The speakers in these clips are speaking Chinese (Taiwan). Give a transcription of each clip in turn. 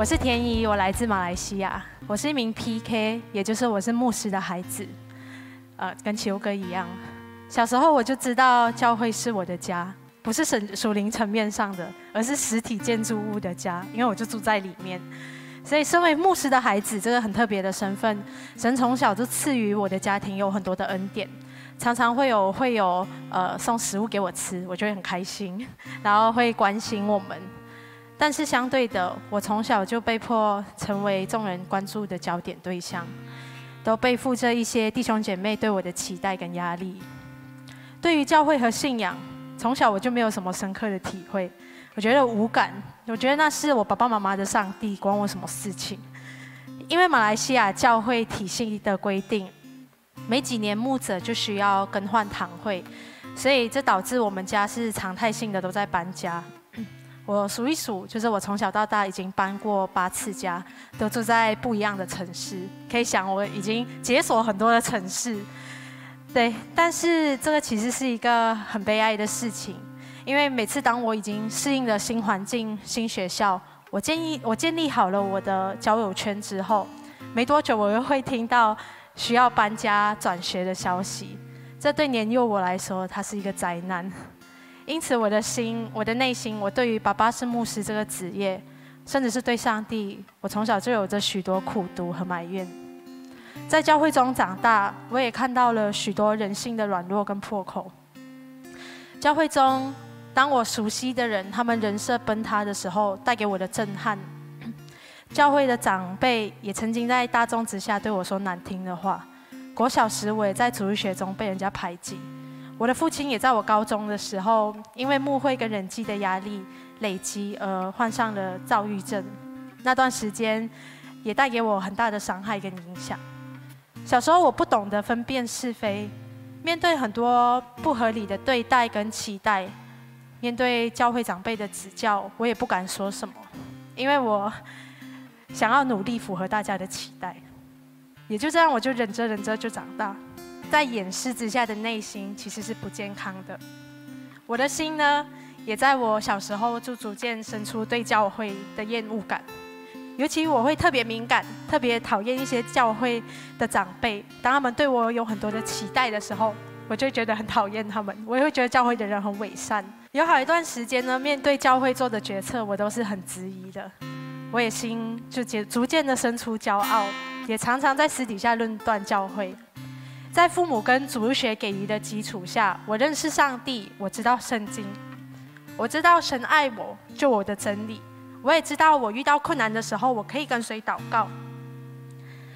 我是恬怡，我來自馬來西亞。我是一名 PK，也就是我是牧師的孩子，呃，跟球哥一樣。小時候我就知道教會是我的家，不是神屬靈層面上的，而是實體建築物的家，因為我就住在裡面。所以，身為牧師的孩子，這個很特別的身份，神從小就賜予我的家庭有很多的恩典，常常會有會有呃送食物給我吃，我就會很開心，然後會關心我們。但是相對的，我從小就被迫成為眾人關注的焦點對象，都背負着一些弟兄姐妹對我的期待跟壓力。對於教會和信仰，從小我就沒有什麼深刻的體會，我覺得無感。我覺得那是我爸爸媽媽的上帝，關我什麼事情？因為馬來西亞教會體系的規定，每幾年牧者就需要更換堂會，所以這導致我們家是常態性的都在搬家。我數一數，就是我從小到大已經搬過八次家，都住在不一樣的城市。可以想，我已經解鎖很多的城市。對，但是這個其實是一個很悲哀的事情，因為每次當我已經適應了新環境、新學校，我建議，我建立好了我的交友圈之後，沒多久我又會聽到需要搬家轉學的消息。這對年幼我來說，它是一個災難。因此，我的心，我的內心，我對於爸爸是牧師這個職業，甚至是對上帝，我從小就有着許多苦毒和埋怨。在教會中長大，我也看到了許多人性的軟弱跟破口。教會中，當我熟悉的人他們人設崩塌的時候，帶給我的震撼。教會的長輩也曾經在大眾之下對我說難聽的話。國小時，我也在主日學中被人家排擠。我的父親也在我高中的時候，因為牧會跟人際的壓力累積而患上了躁鬱症。那段時間也帶給我很大的傷害跟影響。小時候我不懂得分辨是非，面對很多不合理的對待跟期待，面對教會長輩的指教，我也不敢說什麼，因為我想要努力符合大家的期待。也就這樣，我就忍着忍着就長大。在掩飾之下的內心其實是不健康的。我的心呢，也在我小時候就逐漸生出對教會的厭惡感。尤其我會特別敏感，特別討厭一些教會的長輩。當他們對我有很多的期待的時候，我就覺得很討厭他們。我也會覺得教會的人很偽善。有好一段時間呢，面對教會做的決策，我都是很質疑的。我也心就逐漸的生出驕傲，也常常在私底下論斷教會。在父母跟主日學給予的基礎下，我認識上帝，我知道聖經，我知道神愛我、救我的真理。我也知道我遇到困難的時候，我可以跟誰禱告。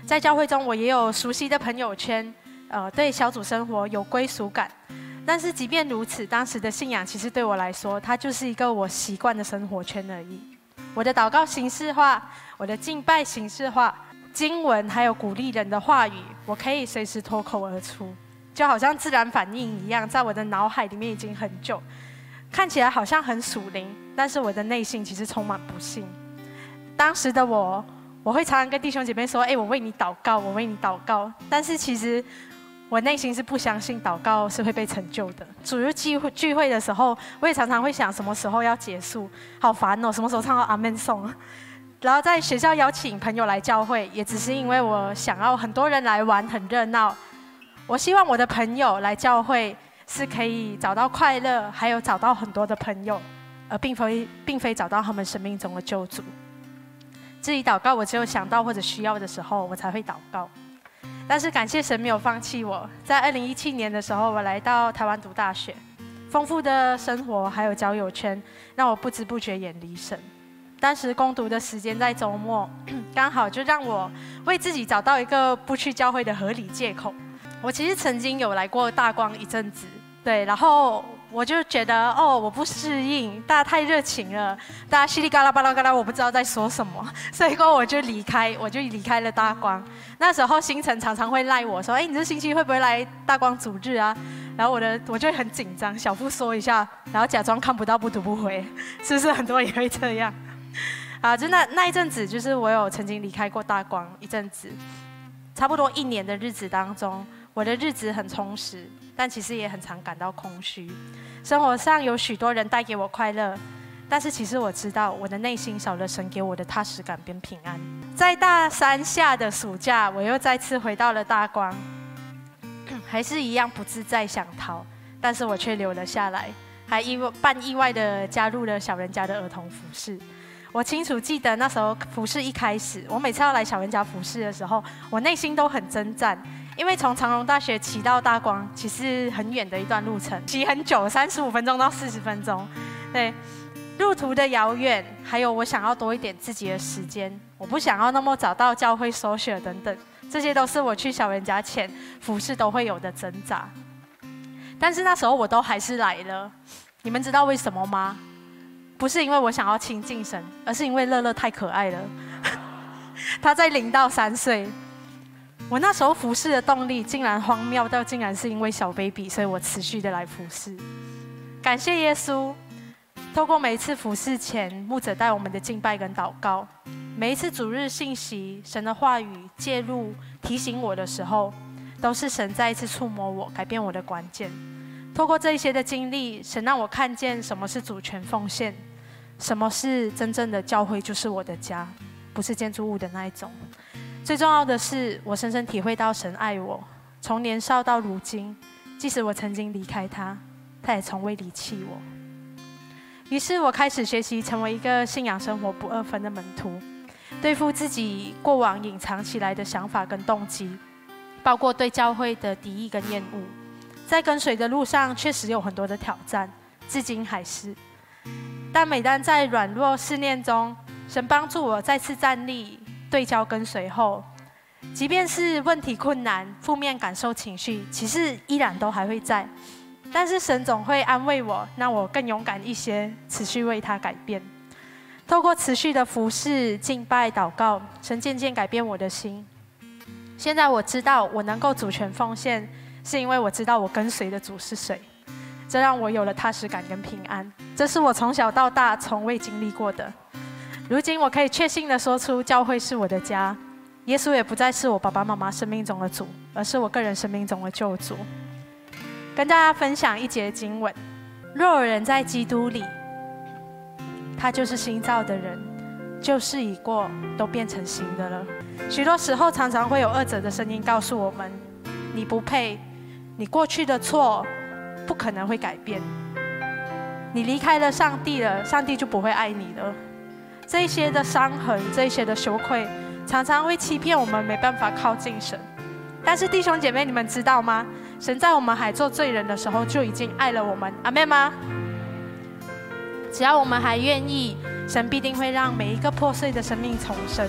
在教會中，我也有熟悉的朋友圈，呃，對小組生活有歸屬感。但是即便如此，當時的信仰其實對我來說，它就是一個我習慣的生活圈而已。我的禱告形式化，我的敬拜形式化。經文還有鼓勵人的話語，我可以隨時脫口而出，就好像自然反應一樣，在我的腦海裡面已經很久。看起來好像很屬靈，但是我的內心其實充滿不信。當時的我，我會常常跟弟兄姐妹說：“哎，我為你禱告，我為你禱告。”但是其實我內心是不相信禱告是會被成就的。主日聚聚會的時候，我也常常會想：什麼時候要結束？好煩哦！什麼時候唱到阿門頌？然後在學校邀請朋友來教會，也只是因為我想要很多人來玩，很熱鬧。我希望我的朋友來教會是可以找到快樂，還有找到很多的朋友，而並非並非找到他們生命中的救主。至於禱告，我只有想到或者需要的時候，我才會禱告。但是感謝神沒有放棄我，在二零一七年的時候，我來到台灣讀大學，豐富的生活還有交友圈，讓我不知不覺遠離神。當時攻讀的時間在周末，剛好就讓我為自己找到一個不去教會的合理借口。我其實曾經有來過大光一陣子，對，然後我就覺得哦，我不適應，大家太熱情了，大家嘰哩呱啦、巴拉呱啦，我不知道在說什麼，所以過後我就離開，我就離開了大光。那時候星辰常常會賴我說：“哎，你這星期會不會來大光主日啊？”然後我的我就很緊張，小腹縮一下，然後假裝看不到不讀不回，是不是很多人也會這樣？啊，就那那一陣子，就是我有曾經離開過大光一陣子，差不多一年的日子當中，我的日子很充實，但其實也很常感到空虛。生活上有許多人帶給我快樂，但是其實我知道，我的內心少了神給我的踏實感，跟平安。在大三下的暑假，我又再次回到了大光，還是一樣不自在，想逃，但是我卻留了下來，還意外半意外的加入了小人家的兒童服侍。我清楚記得那時候服侍一開始，我每次要來小人家服侍的時候，我內心都很掙扎，因為從長榮大學騎到大光其實很遠的一段路程，騎很久，三十五分鐘到四十分鐘，對，路途的遙遠，還有我想要多一點自己的時間，我不想要那麼早到教會所血等等，這些都是我去小人家前服侍都會有的掙扎。但是那時候我都還是來了，你們知道為什麼嗎？不是因為我想要親近神，而是因為樂樂太可愛了。 他在零到三歲，我那時候服侍的動力竟然荒謬到，竟然是因為小 baby，所以我持續的來服侍。感謝耶穌，透過每一次服侍前牧者帶我們的敬拜跟禱告，每一次主日信息神的話語介入提醒我的時候，都是神再一次觸摸我、改變我的關鍵。透過這一些的經歷，神讓我看見什麼是主權奉獻，什麼是真正的教會就是我的家，不是建築物的那一種。最重要的是，我深深體會到神愛我，從年少到如今，即使我曾經離開他，他也從未離棄我。於是我開始學習成為一個信仰生活不二分的門徒，對付自己過往隱藏起來的想法跟動機，包括對教會的敵意跟厭惡。在跟隨的路上，確實有很多的挑戰，至今還是。但每當在軟弱試煉中，神幫助我再次站立、對焦跟隨後，即便是問題困難、負面感受、情緒，其實依然都還會在。但是神總會安慰我，讓我更勇敢一些，持續為他改變。透過持續的服侍、敬拜、禱告，神漸漸改變我的心。現在我知道，我能夠主權奉獻。是因為我知道我跟隨的主是誰，這讓我有了踏實感跟平安。這是我從小到大從未經歷過的。如今我可以確信地說出，教會是我的家。耶穌也不再是我爸爸媽媽生命中的主，而是我個人生命中的救主。跟大家分享一節經文：若有人在基督裡，他就是新造的人，舊事已過，都變成新的了。許多時候，常常會有惡者的聲音告訴我們：你不配。你過去的錯不可能會改變。你離開了上帝了，上帝就不會愛你了。這些的傷痕，這些的羞愧，常常會欺騙我們，沒辦法靠近神。但是弟兄姐妹，你們知道嗎？神在我們還做罪人的時候，就已經愛了我們。阿們嗎？只要我們還願意，神必定會讓每一個破碎的生命重生。